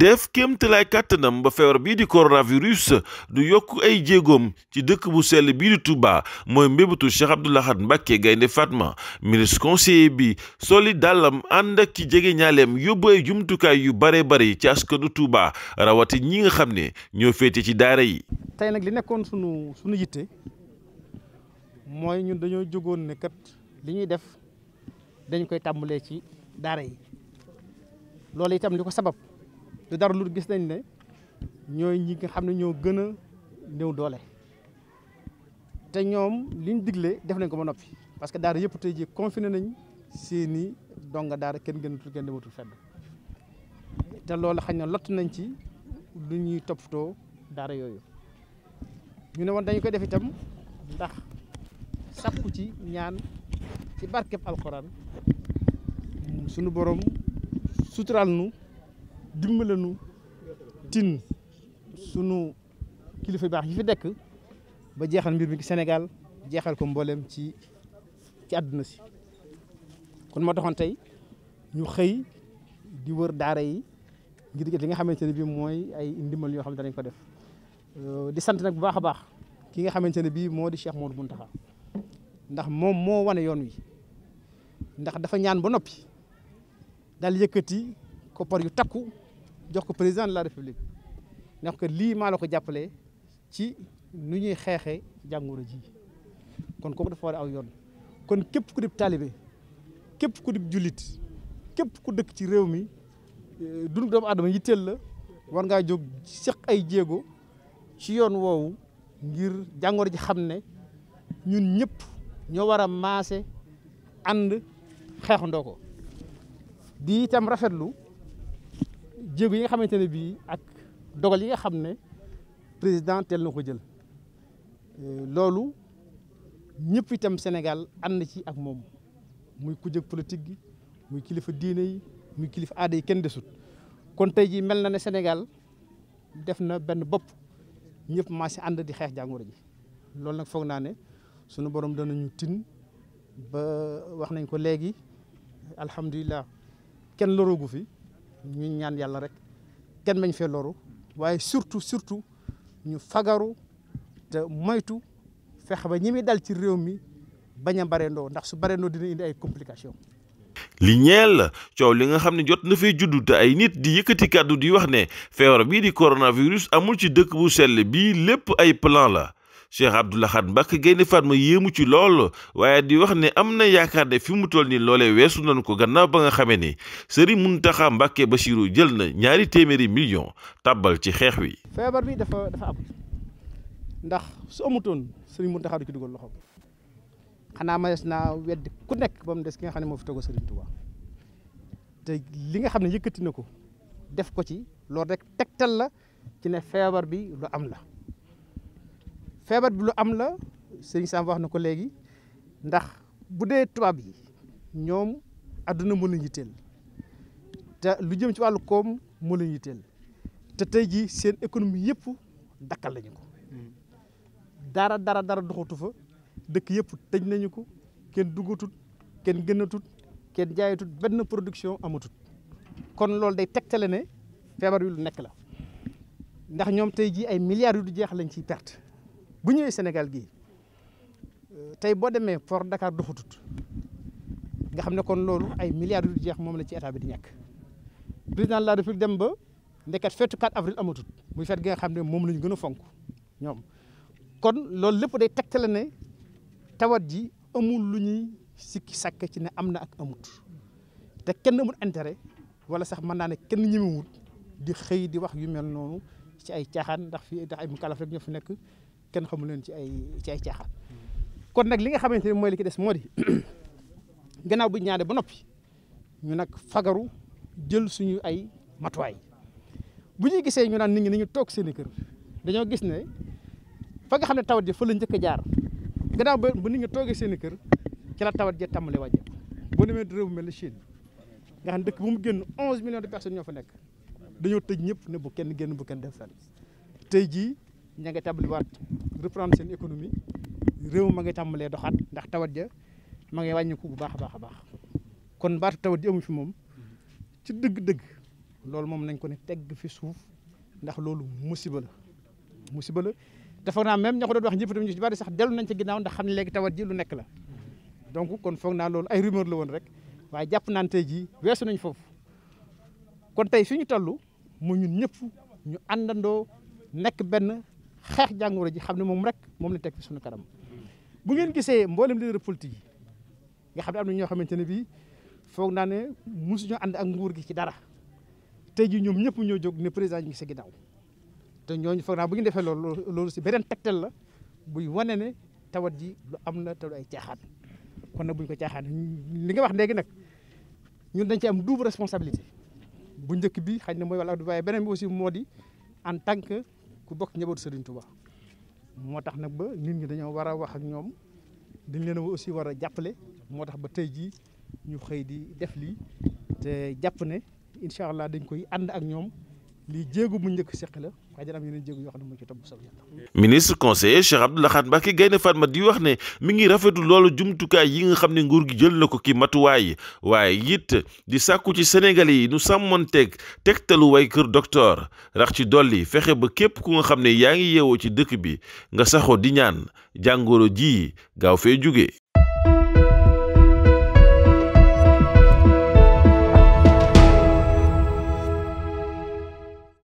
def kéemtalaay kàttanam ba feebar bii di coronavirus du yokk ay jéegoom ci dëkk bu sell bii di Touba mooy mbébétu Cheikh Abdou Lahad Mbacké Gaynde Fatma ministre conseiller bi soli dàllam ànd ak ki jege ñaaleem yóbbu ay jumtukaay yu bare bare ci askanu Touba rawati ñi nga xam ne ñoo féete ci daara yi. tey nag li nekkoon sunu sunu yitte mooy ñun dañoo jógoon ne kat li ñuy def dañ koy tàmbalee ci daara yi loolu tam li ko sabab. du dara lu gis nañ ne ñooy ñi nga xam ne ñoo gën a néew doole te ñoom li ñu digle def nañ ko ba noppi parce que daara yëpp tey jii confiné nañ seeni donga daara kenn gënatul kenn dematul fenn te loole xañ na lott nañ ci lu ñuy toppatoo daara yooyu ñu ne woon dañu koy def itam ndax sàkku ci ñaan ci barkeb alxuraan sunu borom suturaal nu dimbalanu tin sunu kilifa yu baax yi fi dekk ba jeexal mbir mi ci Sénégal jeexal ko mbooleem ci ci àdduna si kon moo taxoon tey ñu xëy di wër daara yi ngir jot li nga xamante ne bii mooy ay ndimbal yoo xam ne dañ ko def euh, di sant nag bu baax a baax ki nga xamante ne bii moo di Cheikh mun Mountakha ndax moom moo wane yoon wi ndax dafa ñaan ba noppi daal yëkkati koppar yu takku. jox ko président de la république ne ko lii maa la ko jàppale ci nu ñuy xeexee jàngoro ji kon kooku dafa war a aw yoon kon képp ku dib taalibe képp ku dib jullit képp ku dëkk ci réew mi eh, dund doomu aadama yitteel la war ngaa jóg seq ay jéego ci yoon woowu ngir jàngoro ji xam ne ñun ñëpp ñoo war a maase ànd xeexandoo ko di itam rafetlu jéego yi nga xamante ne bii ak dogal yi nga xam ne président teel na ko jël euh, loolu ñëpp itam Sénégal ànd ci ak moom muy kujëg politique gi muy kilifa diine yi muy kilifa aada yi kenn desut kon tey jii mel na ne Sénégal def na benn bopp ñëpp maa si ànd di xeex jàngoro ji loolu nag foog naa ne sunu borom danañu tin ba wax nañ ko léegi alhamdulilah kenn loroogu fi ñu ñaan yalla rek kenn mañ fe loru waye surtout surtout ñu fagaru te moytu Nous ba ñimi dal ci réew mi Nous ndax su dina indi ay complications. li li nga ne jot na fay Nous te ay nit di di wax ne feebar di coronavirus amul ci dëkk bu sell bii lépp ay plan la. Cheikh Abdou Lahad Mbacké Gaynde Fatma yéemu ci lool waaye di wax ne am na yaakaar de fi mu toll nii loole weesu nañu ko gannaaw ba nga xamee ni Serigne Mountakha ba Bassirou jël na ñaari téeméeri million tàbbal ci xeex wi. feebar bi dafa dafa am ndax soo amutoon Serigne Mountakha du ci dugal loxo xanaa mayees naa wedd ku nekk ba mu des ki nga xam ne moo fi toog Serigne Touba te li nga xam ne yëkkati ko def ko ci loolu rek tegtal la ci ne feebar bi am la. feebar bi lu am la sëñ Sam wax na ko léegi ndax bu dee tubaab yi ñoom àdduna moo leen yitteel te lu jëm ci wàllu koom moo leen yitteel te tey jii seen économie yëpp dakkal lañu ko dara dara dara doxatu fa dëkk yëpp tëj nañu ko kenn duggatut kenn gënatut kenn jaayatut benn production amatut kon loolu day tegtale ne feebar wi lu nekk la ndax ñoom tey jii ay milliards yu du jeex lañ ci perte bu ñëwee Sénégal gii euh, tey boo demee port Dakar doxatut nga xam ne kon loolu ay milliards yu jeex moom la ci état bi di ñàkk président la République dem ba ndeket fetu 4 avril amatut muy fet gi nga xam ne moom la ñu gën a fonk ñoom kon loolu lépp teg tegtale ne tawat ji amul lu ñuy sikki sàkk ci ne am na ak amut te kenn amul intérêt wala sax mën naa ne kenn ñemewut di xëy di wax yu mel noonu ci ay caaxaan ndax fii ndax ay mu kalaf rek ñoo fi nekk kenn xamu leen ci ay ci kon nag li nga xamante ne mooy li ki des moodi di bu ñaane ba noppi ñu nag fagaru jël suñu ay matuwaay bu ñuy gisee ñu naan nit ñi nañu toog seen i kër dañoo gis ne fa nga xam ne tawat ji fa la njëkk a jaar gannaaw ba bu nit ñi toogee seen i kër ci la tawat ji tàmbalee wàññi boo demee réew mel ni Chine nga xam dëkk bu mu génn onze millions de personnes ñoo fa nekk dañoo tëj ñëpp ne bu kenn génn bu kenn def fenn tey ña nga wat reprendre sen économie rew ma nga tambalé doxat ndax tawat ja ma nga wañiku bu baax baax baax kon baatu tawat ji amu fi mom ci deug deug lool mom nañ ko ne tegg fi suuf ndax lool musiba la musiba la dafa na même ñako doon wax ñepp tam ñu ci bari sax delu nañ ci ginaaw ndax xamni tawat ji lu nekk la donc kon fokk na lool ay rumeur la won rek waye japp naan tay ji wessu nañ fofu kon tay suñu ñu mo ñun ñepp ñu andando nek ben xeex jàngoro ji xam ne moom rek moom la teg fi suñu kanam bu ngeen gisee mboolem leader politique yi nga xam ne am ñoo xamante ne bii foog naa ne mosuñoo ànd ak nguur gi ci dara tey ji ñoom ñëpp ñoo jóg ne président ñu ngi sa ginnaaw te ñooñu foog naa bu ñu defee loolu loolu si beneen tegtal la buy wane ne tawat ji lu am na te lu ay caaxaan kon nag buñ ko caaxaan li nga wax léegi nag ñun dañ ci am double responsabilité bu njëkk bi xëy na mooy wala waaye beneen bi aussi moo di en tant que ku bokk njabootu Serigne Touba. moo tax nag ba nit ñi dañoo war a wax ak ñoom dañ leen aussi war a jàppale moo tax ba tey jii ñu xëy di def lii te jàpp ne incha allah dañ koy ànd ak ñoom lii jéego bu njëkk seq la. waaye dina am yeneen jéego yoo xam ne moo ci topp soob yàlla ministre conseiller Cheikh Abdou Lahad Mbacké Gaïndé Fatma di wax ne mi ngi rafetu loolu jumtukaay yi nga xam ne nguur gi jël na ko ki matuwaay waaye it di sàkku ci Sénégalais yi nu sàmmonteeg tegtalu way kër docteur rax ci dolli fexe ba képp ku nga xam ne yaa ngi yeewoo ci dëkk bi nga saxoo di ñaan jàngoro ji gaaw fee jóge